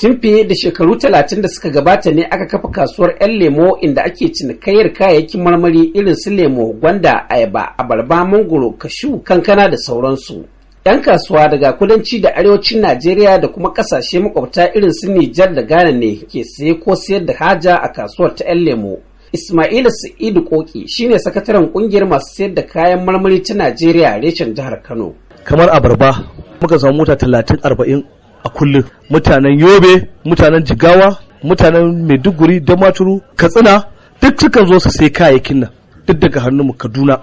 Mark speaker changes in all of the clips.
Speaker 1: Tun fiye da shekaru talatin da suka gabata ne aka kafa kasuwar 'yan lemo inda ake cinikayyar kayayyakin marmari irin su lemo, gwanda, ayaba, abarba, mangoro, kashu, kankana da sauransu. 'Yan kasuwa daga kudanci da arewacin Najeriya da kuma kasashe makwabta irin su Nijar da Ghana ne ke saye ko sayar da haja a kasuwar ta 'yan lemo. Ismaila Sa'idu Koki shine sakataren kungiyar masu sayar da kayan marmari ta Najeriya reshen jihar Kano.
Speaker 2: Kamar abarba muka samu mota talatin arba'in a kullum mutanen yobe mutanen jigawa mutanen maiduguri damaturu katsina duk cikin zo su sai kayayyakin nan duk daga hannunmu kaduna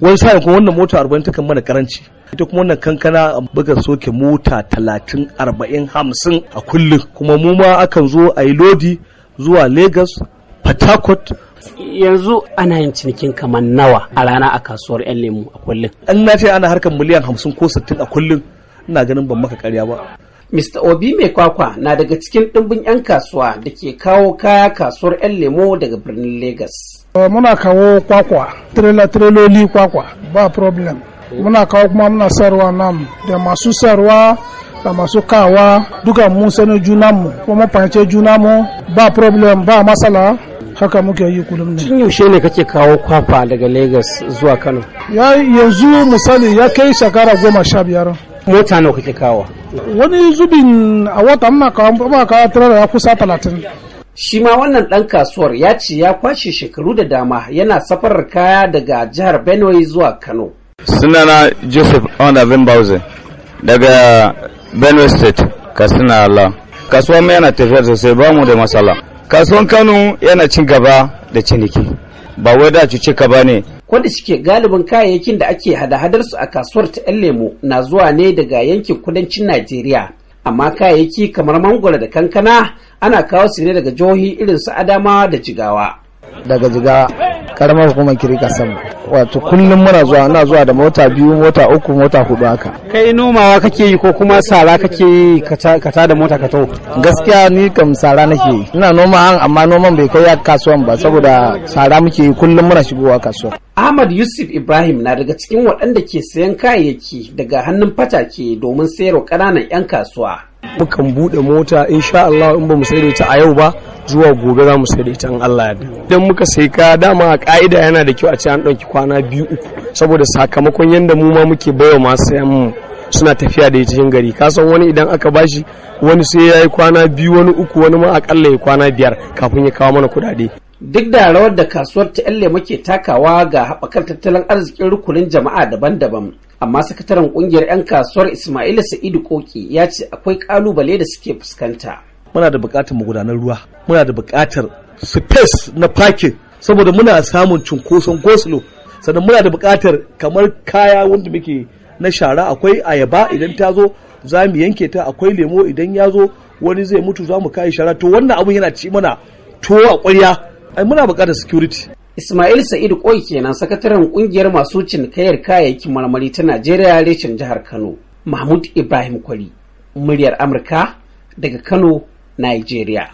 Speaker 2: wani sa'in kuma wannan mota arba'in kan mana karanci ita kuma wannan kankana buga soke mota talatin arba'in hamsin a kullum
Speaker 1: kuma mu ma akan zo a yi lodi zuwa Legas port yanzu ana yin cinikin kamar nawa a rana a kasuwar yan lemu a kullum an na ce ana harkar miliyan hamsin ko sittin a kullum ina ganin ban maka karya ba Mr. Obi mai kwakwa na daga cikin ɗimbin 'yan kasuwa da ke kawo kaya kasuwar 'yan lemo daga birnin Legas.
Speaker 3: Eh, muna kawo kwakwa, tirela-tireloli kwakwa ba problem. Muna kawo kuma muna sarwa nam da masu sarwa da masu kawa duka mun sani juna mu kuma fahimce juna mu ba problem ba matsala haka muke yi kullum ne. Cin
Speaker 1: yaushe ne kake kawo kwakwa daga Legas zuwa Kano?
Speaker 3: Ya yanzu misali ya kai shekara goma sha biyar.
Speaker 1: mota nawa kake kawo
Speaker 3: wani zubin a wata amma kawo ba kawo tara da kusa talatin
Speaker 1: shi ma wannan ɗan kasuwar ya ce ya kwashe shekaru da dama yana safarar kaya daga jihar benue zuwa kano
Speaker 3: sunana joseph ona bimbauze daga benue state katsina allah kasuwa mai yana tafiya sosai ba mu da matsala kasuwan kano yana cin gaba da ciniki ba wai da cuci ka ba ne
Speaker 1: ko da shike galibin kayayyakin da ake hada hadarsu a kasuwar ta 'yan lemo na zuwa ne daga yankin kudancin najeriya amma kayayyaki kamar mangwara da kankana ana kawo su ne daga jihohi irin su adamawa da jigawa daga
Speaker 2: jigawa karamar hukumar kirika sama wato kullum muna zuwa ana zuwa da mota biyu mota uku mota hudu haka
Speaker 1: kai nomawa kake yi ko kuma sara kake yi ka da mota ka to
Speaker 2: gaskiya ni kam sara nake yi ina noma an amma noman bai kai kasuwan ba saboda sara muke yi kullum muna shigowa kasuwa
Speaker 1: Ahmad Yusuf Ibrahim na daga cikin waɗanda ke sayan kayayyaki daga hannun fatake domin sayarwa ƙananan 'yan kasuwa.
Speaker 2: Mukan buɗe mota insha Allah in ba mu sai da a yau ba zuwa gobe za mu sai da in Allah ya Idan muka sai ka dama a ka'ida yana da kyau a ce an ɗauki kwana biyu uku saboda sakamakon yadda mu ma muke baiwa masu sayan mu suna tafiya da cikin gari ka san wani idan aka bashi wani sai yayi kwana
Speaker 1: biyu wani uku wani ma akalla ya kwana biyar kafin ya kawo mana kuɗaɗe. Duk da rawar da kasuwar ta ke takawa ga haɓakar tattalin arzikin rukunin jama'a daban-daban amma sakataren kungiyar 'yan kasuwar ismaila sa'idu koki ya ce akwai kalubale da suke fuskanta
Speaker 2: muna da buƙatar magudanar ruwa muna da buƙatar space na parking saboda muna samun cunkoson goslo sannan muna da buƙatar kamar kaya wanda muke na shara akwai ayaba idan ta zo za mu yanke ta akwai lemo idan ya zo wani zai
Speaker 1: mutu za mu kai shara to wannan abun yana ci mana to a ƙwarya ai muna buƙatar security Ismail Sa'id Koi kenan sakataren kungiyar masu cinikayyar kayayyakin marmari ta Najeriya reshen jihar Kano. Mahmud Ibrahim kwali muryar Amurka daga Kano,
Speaker 2: Najeriya.